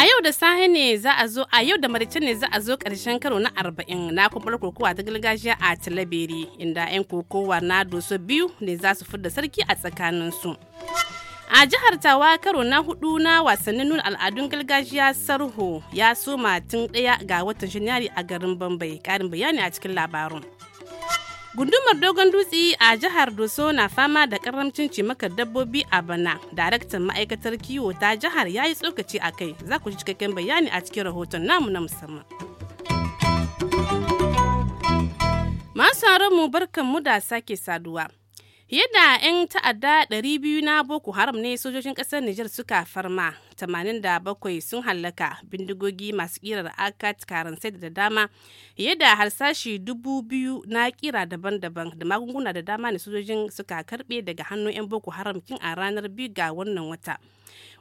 A yau da sahi ne za a zo a yau da maricin ne za a zo karshen karo na arba'in na kumbar kokowa ta gargajiya a Talabiri inda 'yan kokowa na doso biyu ne za su fudda sarki a tsakanin su, A jihar Tawa karo na hudu na wasannin nuna al'adun gargajiya Sarho ya soma tun ɗaya ga watan Janairu a garin Bambai. Karin bayani a cikin labarin. Gundumar Dogon Dutse a jihar Doso na fama da karamcin cimakar dabbobi a bana. Daraktan ma'aikatar kiwo ta jihar ya yi tsokaci a kai. Za ku ji cikakken bayani a cikin rahoton namu na musamman. Masu mu barkan mu da sake saduwa. yadda 'yan ta'adda 200 na Boko Haram ne sojojin ƙasar Nijar suka farma, 87 sun hallaka bindigogi masu ƙirar akat karansai da dama, fiye da harsashi 2000 na ƙira daban-daban da magunguna da dama ne sojojin suka karbe daga hannun 'yan Boko Haram kin a ranar 2 ga wannan wata.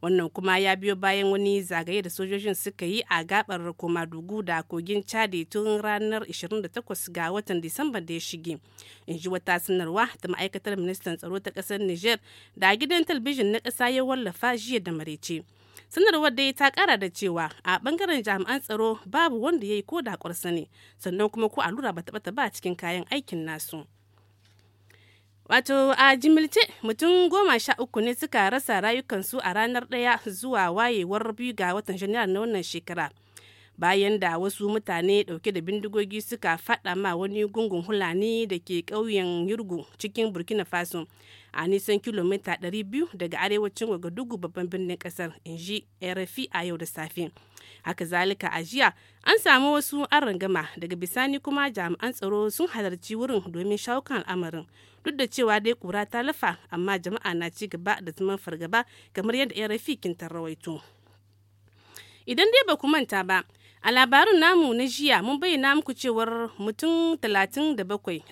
wannan kuma ya biyo bayan wani zagaye da sojojin suka yi a gabar komadugu da kogin chadi tun ranar 28 ga watan disamba da ya shige in ji wata sanarwa ta ma'aikatar ministan tsaro ta kasar niger da gidan talbijin na ƙasa ya wallafa jiya da marece sanarwar dai ta kara da cewa a bangaren jami'an tsaro babu wanda ya yi ko da ne sannan kuma ko allura ba ta ba cikin kayan aikin nasu. wato a jimilce mutum goma sha uku ne suka rasa rayukansu a ranar ɗaya zuwa wayewar biyu ga watan janairu na wannan shekara bayan da wasu mutane ɗauke da bindigogi suka faɗa ma wani gungun hulani da ke ƙauyen yurgu cikin burkina faso a nisan kilomita 200 daga arewacin wagadugu babban birnin kasar in ji rfi a yau da safe haka zalika a jiya an samu wasu an rangama daga bisani kuma jami'an tsaro sun halarci wurin domin shawukan al'amarin duk da cewa dai kura ta lafa amma jama'a na ci gaba da zaman fargaba kamar yadda rfi kintar rawaito idan dai ba ku manta ba A labarin namu na jiya mun bayyana muku cewar mutum 37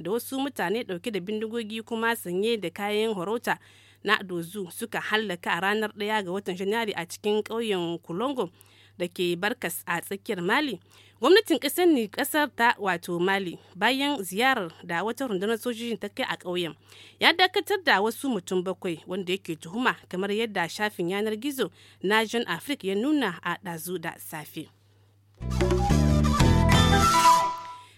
da wasu mutane dauke da bindigogi kuma sanye da kayan horota na dozu suka hallaka a ranar 1 ga watan janari a cikin ƙauyen Kulongo da ke Barkas a tsakiyar Mali. Gwamnatin ƙasar ne ƙasar ta wato Mali bayan ziyarar da wata rundunar sojojin ta kai a ƙauyen. Ya dakatar da wasu mutum bakwai wanda yake tuhuma kamar yadda shafin yanar gizo na jean Africa ya nuna a ɗazu da safe.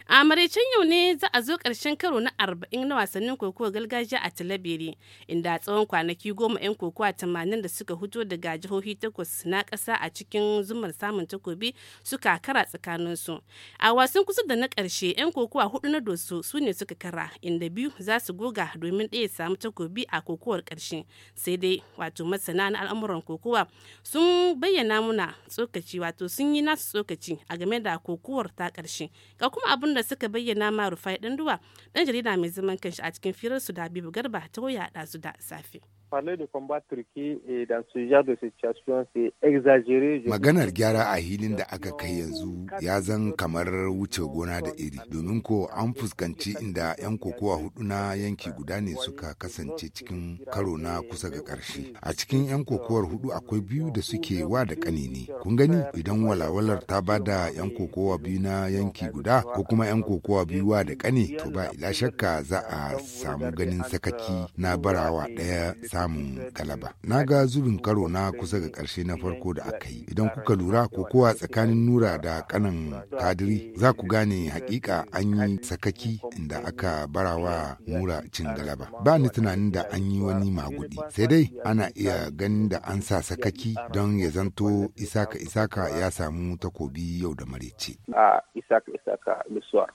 a maraicen yau ne za a zo ƙarshen karo na arba'in na wasannin kokowa gargajiya a talabiri inda tsawon kwanaki goma 'yan kokowa tamanin da suka da daga jihohi takwas na ƙasa a cikin zumar samun takobi suka kara tsakaninsu a wasan kusa da na ƙarshe 'yan kokowa hudu na doso su ne suka kara inda biyu za su goga domin ɗaya samu takobi a kokowar ƙarshe sai dai wato masana na al'amuran kokowa sun bayyana muna tsokaci wato sun yi nasu tsokaci a game da kokowar ta ƙarshe ga kuma abin da suka bayyana ma rufai ɗanduwa ɗan jarida mai zaman kanshi a cikin firar su da bibu garba ta waya ɗazu su da safe. parler de combat Turquie dans ce genre de situation c'est exagéré. Maganar gyara a hilin da aka kai yanzu ya zan kamar wuce gona da iri domin ko an fuskanci inda 'yan kokowa hudu na yanki guda ne suka kasance cikin karo na kusa ga karshe. A cikin 'yan kokowar hudu akwai biyu da suke wa da kani ne. Kun gani idan walawalar ta ba da 'yan kokowa biyu na yanki guda ko kuma 'yan kokowa biyu wa da kani to ba ila shakka za a samu ganin sakaki na barawa ɗaya samun galaba. Na ga zubin karo na kusa ga ƙarshe na farko da aka yi. Idan kuka lura kokowa tsakanin Nura da kanan kadiri za ku gane hakika an yi sakaki inda aka barawa Nura cin galaba. Ba ni tunanin da an yi wani maguɗi Sai dai ana iya ganin da an sa sakaki don ya zanto isaka isaka ya samu takobi yau da marece. A ah,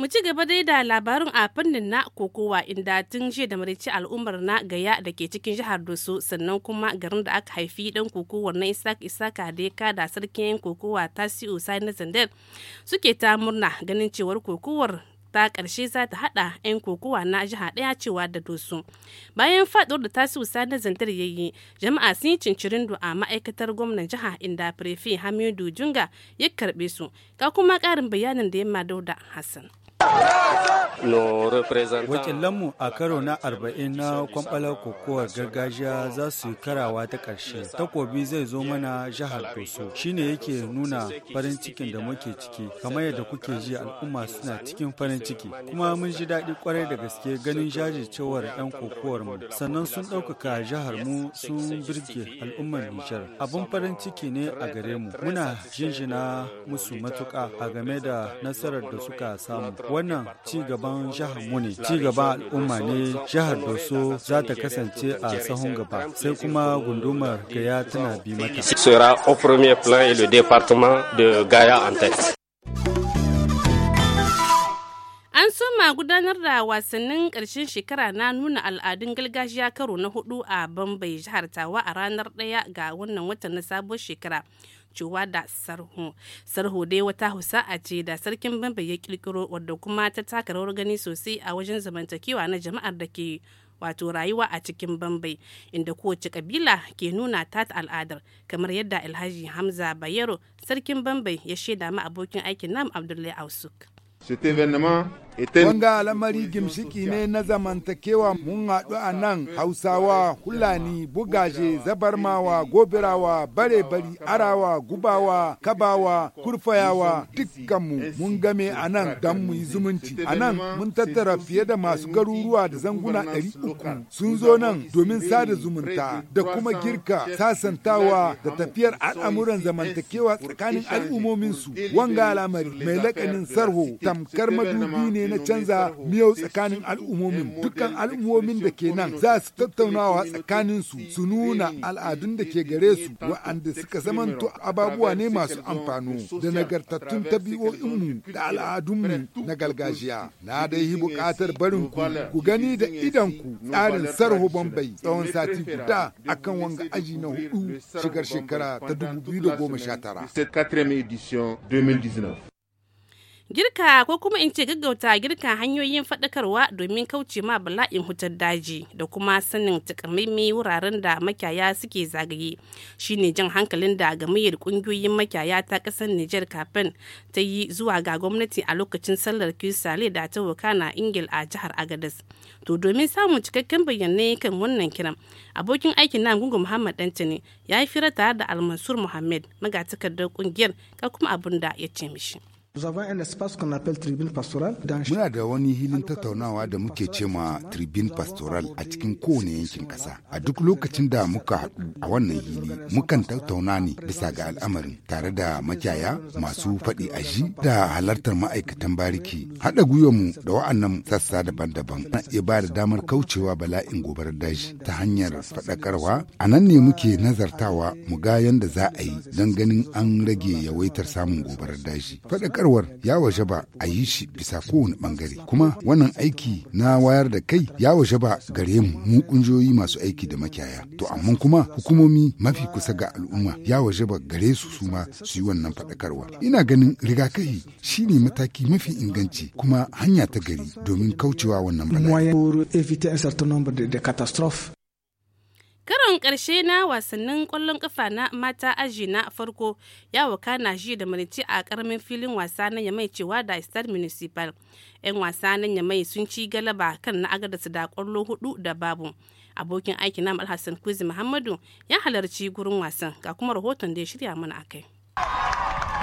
mu ci gaba dai da labarin a fannin na kokowa inda tun jiya da marici al'ummar na gaya da ke cikin jihar doso sannan kuma garin da aka haifi dan kokowar na isaka isaka da ya kada sarkin kokowa tasiu sai na zandar suke ta murna ganin cewar kokowar ta karshe za ta haɗa 'yan kokowa na jiha ɗaya cewa da dosu bayan faɗuwar da tasu na zantar yi jama'a sun yi cincirin a ma'aikatar gwamnan jiha inda firefe hamidu junga ya karbe su ka kuma ƙarin bayanin da yamma dauda hassan Wakilanmu a karo na arba'in na kwamfalar kokowar gargajiya za su yi karawa ta ƙarshe. Takobi zai zo mana jihar Doso. Shi ne yake nuna farin cikin da muke ciki, kamar yadda kuke ji al'umma suna cikin farin ciki. Kuma mun ji daɗi kwarai da gaske ganin jajircewar 'yan kokowar mu. Sannan sun ɗaukaka jihar mu sun birge al'ummar Nijar. abun farin ciki ne a gare mu. Muna jinjina musu matuƙa a game da nasarar da suka samu. wannan ci gaban jihar mu ne ci gaba al'umma ne jihar doso za ta kasance a sahun gaba sai kuma gundumar gaya tana bi mata sera au premier plan et le département de gaya en tête An soma gudanar da wasannin karshen shekara na nuna al'adun gargajiya karo na hudu a Bambai jihar Tawa a ranar ɗaya ga wannan watan na sabuwar shekara. juwa da sarho sarho dai wata husa'a ce da sarkin bambai ya kirkiro wadda kuma ta taka rawar gani sosai a wajen zamantakewa na jama'ar da ke wato rayuwa a cikin bambai inda kowace kabila ke nuna ta al'adar kamar yadda alhaji hamza bayero sarkin bambai ya shaida ma abokin aikin nam abdullahi ausuk Wanga lamari gimshiki ne na zamantakewa mun haɗu a nan Hausawa, Hulani, Bugaje, Zabarmawa, Gobirawa, Bare-bari, Arawa, Gubawa, Kabawa, Kurfayawa, dukkanmu mun game a nan don mu yi zumunci. A nan mun tattara fiye da masu garuruwa da zanguna ɗari uku sun zo nan domin sada zumunta da kuma girka sasantawa da tafiyar al'amuran zamantakewa tsakanin al'ummominsu. Wanga lamari mai lakanin sarho tamkar madubi ne na canza miyau tsakanin al'ummomin dukkan al'ummomin da ke nan za su tattaunawa tsakanin su su nuna al'adun da ke gare su wa'anda suka zamanto ababuwa ne masu amfano da nagartattun tabi'o'inmu da al'adunmu na gargajiya na dai yi buƙatar barin ku ku gani da ku tsarin sarho bambai tsawon sati guda akan wanga aji na hudu shigar shekara ta 2019 girka ko kuma in ce gaggauta girka hanyoyin faɗakarwa domin kauce ma bala'in hutar daji da kuma sanin takamaimai wuraren da makyaya suke zagaye shine jan hankalin da gamayyar ƙungiyoyin makyaya ta ƙasar nijar kafin ta yi zuwa ga gwamnati a lokacin sallar kisale da ta na ingil a jihar agadas to domin samun cikakken bayanai kan wannan kiran abokin aikin na gungun muhammad dantani ya yi fira tare da almansur muhammed magatakardar ƙungiyar ka kuma abin da ya ce mishi. Muna da wani hilin tattaunawa da muke cema ma tribune pastoral a cikin kowane yankin ƙasa. A duk lokacin da muka haɗu a wannan hili, mukan tattauna ne bisa ga al'amarin tare da makiyaya masu faɗi aji da halartar ma'aikatan bariki. Haɗa mu da wa'annan sassa daban-daban na iya ba da damar kaucewa bala'in gobarar daji ta hanyar faɗakarwa. A nan ne muke nazartawa mu ga yadda za a yi don ganin an rage yawaitar samun gobarar daji. Faɗakar Koyarwar ya waje ba a yi shi bisa kowane bangare kuma wannan aiki na wayar da kai ya waje ba gare mu mu kungiyoyi masu aiki da makiyaya to amma kuma hukumomi mafi kusa ga al'umma ya waje ba gare su su ma su yi wannan faɗakarwa ina ganin rigakafi shine mataki mafi inganci kuma hanya ta gari domin kaucewa wannan bala'i. Karon karshe na wasannin kwallon ƙafa na mata aji na farko ya wakana ji da marici a karamin filin wasa na Yamai cewa da Stade Municipal. 'Yan wasa na Yamai sun ci galaba kan na su da kwallo hudu da babu. Abokin aiki na Alhassan Kuzi Muhammadu ya halarci gurin wasan ga kuma rahoton da ya shirya mana akai.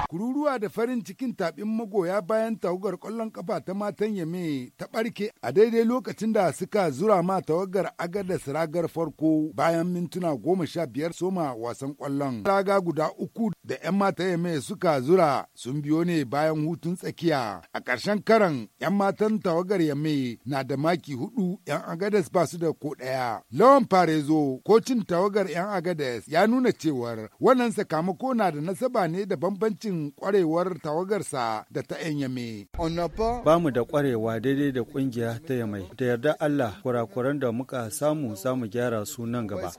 Kururuwa da farin cikin taɓin magoya bayan tawagar ƙwallon ƙafa ta matan Yame ta ɓarke a daidai lokacin da suka zura ma tawagar agadas ragar farko bayan mintuna goma sha biyar soma wasan ƙwallon. Raga guda uku da 'yan mata Yame suka zura sun biyo ne bayan hutun tsakiya. A ƙarshen karan 'yan matan tawagar Yame na da maki hudu 'yan agadas ba su da ko ɗaya. Lawan Farezo kocin tawagar 'yan agadas ya nuna cewar wannan sakamako na da nasaba ne da bambancin rashin kwarewar tawagarsa da ta yame. Ba mu da kwarewa daidai da kungiya ta yamai. Da yarda Allah kurakuran da muka samu samu gyara su nan gaba.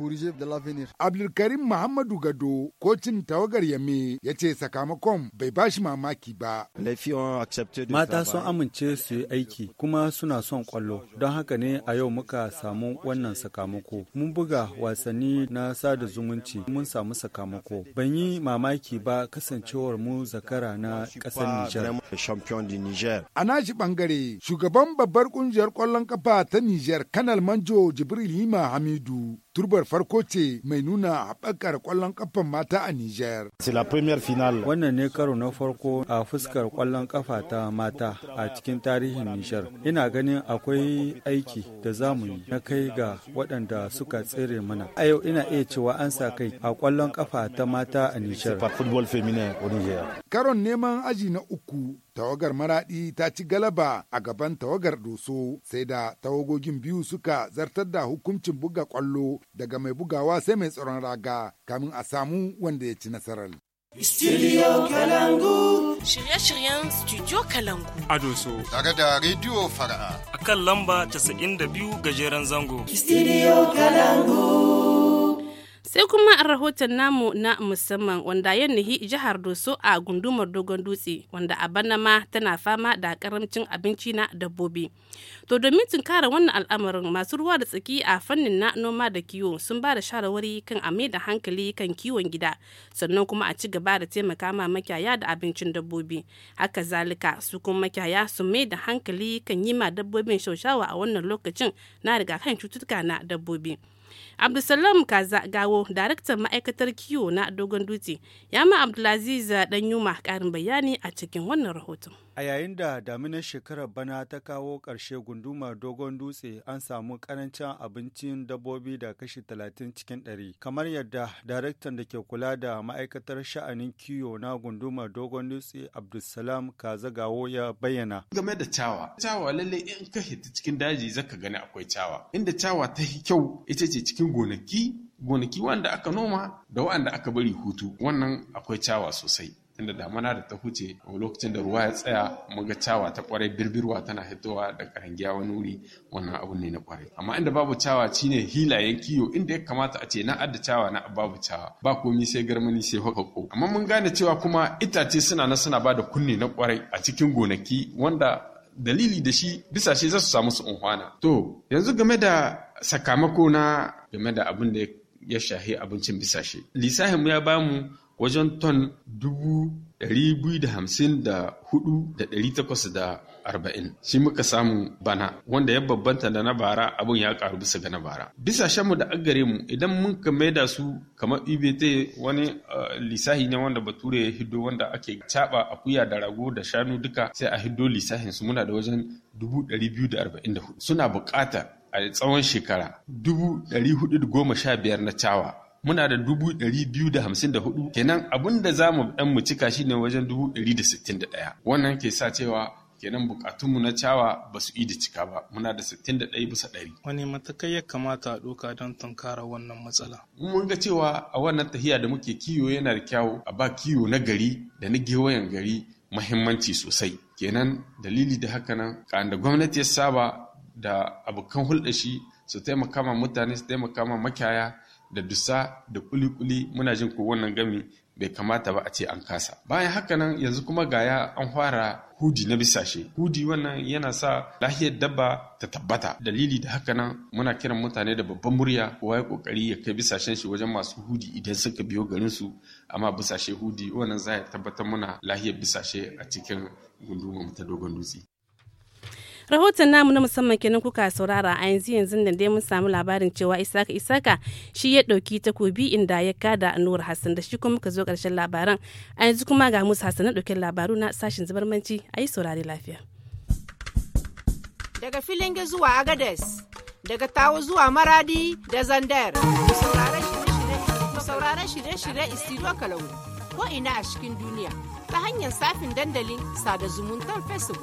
Abdulkarim Muhammadu Gado kocin tawagar yame ya ce sakamakon bai bashi mamaki ba. Mata sun amince su yi aiki kuma suna son kwallo don haka ne a yau muka samu wannan sakamako. Mun buga wasanni na sada zumunci mun samu sakamako. Ban yi mamaki ba kasancewar samu zakara na ƙasar Nijar. A nashi ɓangare, shugaban babbar ƙungiyar ƙwallon ƙafa ta Nijar, Kanal Manjo Jibril hima Hamidu turbar farko ce mai nuna haɓakar ƙwallon ƙafan mata a Nijar. Wannan ne karo na farko a fuskar ƙwallon ƙafa ta mata a cikin tarihin Nijar. Ina ganin akwai aiki da za mu yi na kai ga waɗanda suka tsere mana. A yau ina iya cewa an sa kai a ƙwallon ƙafa ta mata a Nijar. Karon neman aji na uku tawagar maraɗi ta ci galaba a gaban tawagar doso sai da tawagogin biyu suka zartar da hukuncin buga ƙwallo daga mai bugawa sai mai tsaron raga kamin a samu wanda ya ci nasarar. Studio Kalangu. Shirye-shiryen Studio Kalangu. Adoso. Tare da Radio Fara'a. akan lamba 92 gajeren zango. Studio Kalangu. sai kuma a rahoton namu na musamman wanda ya nihi jihar doso a gundumar dogon dutse wanda a bana ma tana fama da karamcin abinci na dabbobi to domin tunkara wannan al'amarin masu ruwa da tsaki a fannin na noma da kiwo sun ba da shawarwari kan a da hankali kan kiwon gida sannan kuma a ci gaba da taimaka ma makiyaya da abincin dabbobi haka zalika su kuma makiyaya su mai da hankali kan yi ma dabbobin shaushawa a wannan lokacin na riga kan cututtuka na dabbobi abdulsalam kaza gawo daraktan ma'aikatar kiwo na dogon dutse ya ma abdulaziz danyuma karin bayani a cikin wannan rahoton A yayin da daminar shekarar bana ta kawo ƙarshe Gunduma dogon dutse an samu ƙarancin abincin dabbobi da kashi 30 cikin 100. Kamar yadda daraktan da ke kula da ma'aikatar sha'anin kiwo na gundumar dogon dutse Abdulsalam Kazagawo ya bayyana. Game da cawa, cawa lalle in ka hita cikin daji zaka gani akwai cawa. Inda cawa ta kyau ita ce cikin gonaki, gonaki wanda aka noma da wanda aka bari hutu, wannan akwai cawa sosai. tunda damana da ta huce lokacin da ruwa ya tsaya muga cawa ta kwarai birbirwa tana hitowa da karangiya wani wuri wannan abu ne na kwarai amma inda babu cawa shine hilayen kiyo inda ya kamata a ce na adda cawa na babu cawa ba komi sai garmani sai hakako amma mun gane cewa kuma itace suna na suna da kunne na kwarai a cikin gonaki wanda dalili da shi bisa shi za su samu su unhwana to yanzu game da sakamako na game da abin da ya shahi abincin bisashe mu ya bamu wajen ton 254,840 shi muka samu bana wanda ya babbanta da na bara abin ya karu bisa ga na bara bisa shanmu da agare mu idan mun ka maida su kamar ibt wani eh, lisahi ne wanda bature ya hiddo wanda ake caba akuya da rago da shanu duka sai a hiddo lisahin su muna da wajen 244 suna bukata a tsawon shekara 415 na cawa muna da dubu ɗari biyu da hamsin da hudu kenan abin da za mu ɗan mu cika shi ne wajen dubu ɗari da sittin da ɗaya wannan ke sa cewa kenan bukatunmu na cawa ba su da cika ba muna da sittin da ɗaya bisa ɗari. wani matakai ya kamata a ɗauka don tunkara wannan matsala mun ga cewa a wannan tahiya da muke kiwo yana da kyawu a ba kiwo na gari da na gewayen gari mahimmanci sosai kenan dalili da haka nan kan da gwamnati ya saba da abokan hulɗa shi su taimaka ma mutane su taimaka ma makiyaya da dusa da kuli-kuli muna jin ko wannan gami bai kamata ba a ce an kasa bayan haka nan yanzu kuma ga ya an fara hudi na bisashe hudi wannan yana sa lahiyar dabba ta tabbata dalili da haka nan muna kiran mutane da babban murya kowa ya kokari ya kai bisashen shi wajen masu hudi idan suka biyo garin su amma bisashe hudi wannan za ya tabbatar muna lahiyar bisashe a cikin gundumar ta dogon dutse rahoton namu na musamman kenan kuka saurara a yanzu yanzu da dai mun samu labarin cewa isaka isaka shi ya ɗauki takobi inda ya kada nur hassan da shi kuma muka zo karshen labaran a yanzu kuma ga musu hassan na ɗaukin labaru na sashen manci a yi saurari lafiya daga filinge zuwa agades daga tawo zuwa maradi da zandar sauraron shirye-shirye istiro kalau ko ina a cikin duniya ta hanyar safin dandalin sada zumuntar facebook